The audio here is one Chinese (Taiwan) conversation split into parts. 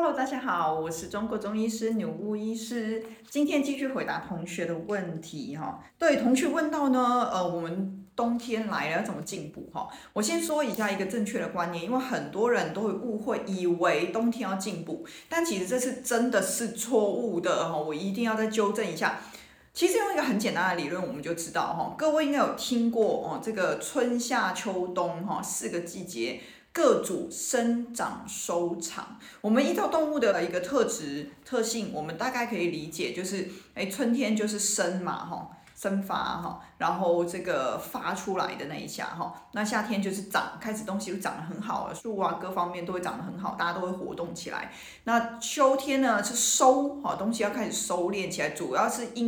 Hello，大家好，我是中國中醫師牛物醫師，今天繼續回答同學的問題哈。對，同學問到呢，呃，我們冬天來了要怎麼進補哈？我先說一下一個正確的觀念，因為很多人都會誤會，以為冬天要進補，但其實這是真的是錯誤的哈。我一定要再糾正一下。其實用一個很簡單的理論，我們就知道哈，各位應該有聽過哦，這個春夏秋冬哈四個季節。各主生長收藏，我們依照動物的一個特質特性，我們大概可以理解，就是，哎，春天就是生嘛，吼。生發哈，然後這個發出來的那一下哈，那夏天就是長，開始東西就長得很好了，樹啊各方面都會長得很好，大家都會活動起來。那秋天呢是收哈，東西要開始收斂起來，主要是陰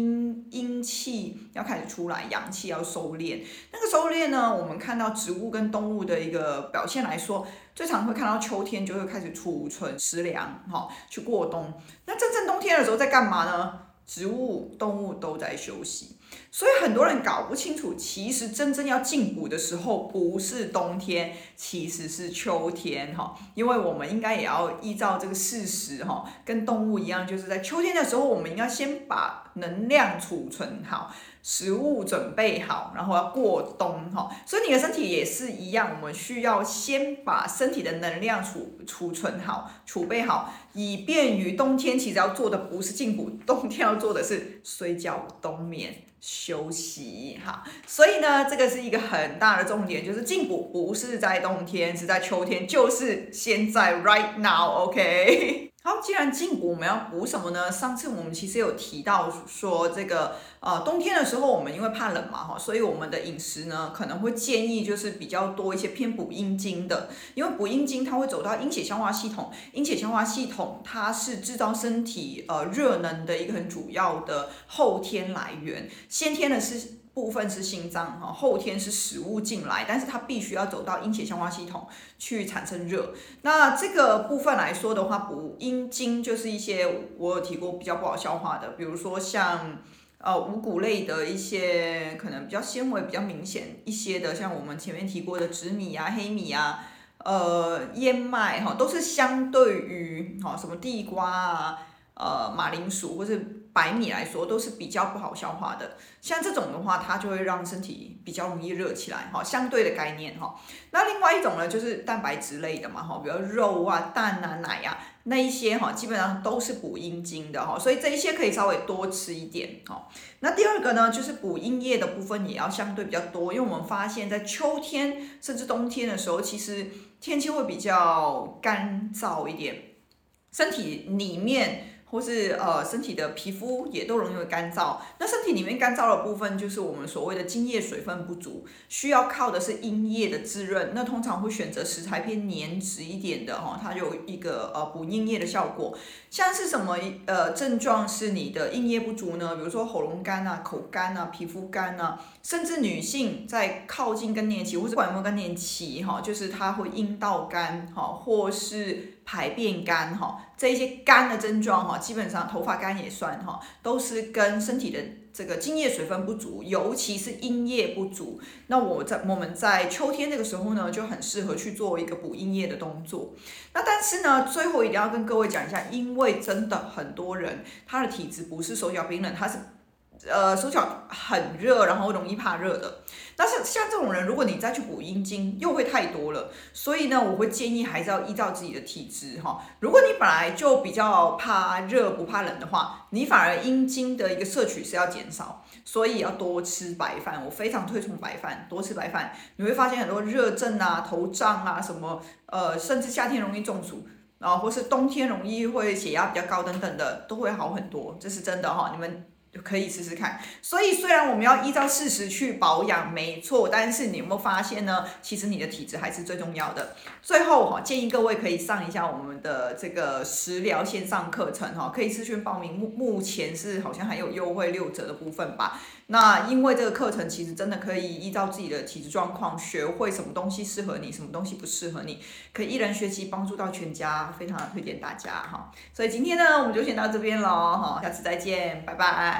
陰氣要開始出來，陽氣要收斂。那個收斂呢，我們看到植物跟動物的一個表現來說，最常會看到秋天就會開始儲存食糧哈，去過冬。那真正，正冬天的時候在幹嘛呢？植物、動物都在休息，所以很多人搞不清楚。其實真正要進補的時候，不是冬天，其實是秋天，哈。因為我們應該也要依照這個事實，哈，跟動物一樣，就是在秋天的時候，我們應該先把能量儲存好。食物準備好，然後要過冬哈，所以你的身體也是一樣，我們需要先把身體的能量儲儲存好、儲備好，以便於冬天。其實要做的不是進補，冬天要做的是睡覺、冬眠、休息哈。所以呢，這個是一個很大的重點，就是進補不是在冬天，是在秋天，就是現在 right now，OK、okay? 好，既然進補，我們要補什麼呢？上次我們其實有提到說，這個呃，冬天的時候，我們因為怕冷嘛，哈，所以我們的飲食呢，可能會建議就是比較多一些偏補陰經的，因為補陰經它會走到陰血消化系統，陰血消化系統它是製造身體呃熱能的一個很主要的後天來源，先天的是。部分是心臟哈，後天是食物進來，但是它必須要走到陰血消化系統去產生熱。那這個部分來說的話，補陰精就是一些我有提過比較不好消化的，比如說像呃五穀類的一些可能比較纖維比較明顯一些的，像我們前面提過的紫米啊、黑米啊、呃燕麥哈，都是相對於哈什麼地瓜啊、呃馬鈴薯或者。白米來說都是比較不好消化的，像這種的話，它就會讓身體比較容易熱起來哈。相對的概念哈。那另外一種呢，就是蛋白質類的嘛哈，比如肉啊、蛋啊、奶呀、啊、那一些哈，基本上都是補陰精的哈，所以這一些可以稍微多吃一點哈。那第二個呢，就是補陰液的部分也要相對比較多，因為我們發現，在秋天甚至冬天的時候，其實天氣會比較乾燥一點，身體裡面。或是呃身體的皮膚也都容易會乾燥，那身體裡面乾燥的部分就是我們所謂的津液水分不足，需要靠的是陰液的滋潤。那通常會選擇食材偏粘稠一點的哈、哦，它有一個呃補陰液的效果。像是什麼呃症狀是你的陰液不足呢？比如說喉嚨乾啊、口乾啊、皮膚乾啊，甚至女性在靠近更年期或者不管有沒有更年期哈、哦，就是她會陰道乾哈、哦，或是排便乾哈、哦，這一些乾的症狀哈。哦基本上頭髮乾也算哈，都是跟身體的這個津液水分不足，尤其是陰液不足。那我在，我們在秋天這個時候呢，就很適合去做一個補陰液的動作。那但是呢，最後一定要跟各位講一下，因為真的很多人他的體質不是手腳冰冷，他是。呃，手腳很熱，然後容易怕熱的。但是像這種人，如果你再去補陰精，又會太多了。所以呢，我會建議還是要依照自己的體質哈。如果你本來就比較怕熱、不怕冷的話，你反而陰精的一個攝取是要減少，所以要多吃白飯。我非常推崇白飯，多吃白飯，你會發現很多熱症啊、頭脹啊、什麼呃，甚至夏天容易中暑，然後或是冬天容易會血壓比較高等等的，都會好很多。這是真的哈，你們。就可以試試看，所以雖然我們要依照事實去保養，沒錯，但是你有沒有發現呢？其實你的體質還是最重要的。最後哈，建議各位可以上一下我們的這個食療線上課程哈，可以諮詢報名，目目前是好像還有優惠六折的部分吧。那因為這個課程其實真的可以依照自己的體質狀況，學會什麼東西適合你，什麼東西不適合你，可以一人學習幫助到全家，非常的推薦大家哈。所以今天呢，我們就先到這邊了哈，下次再見，拜拜。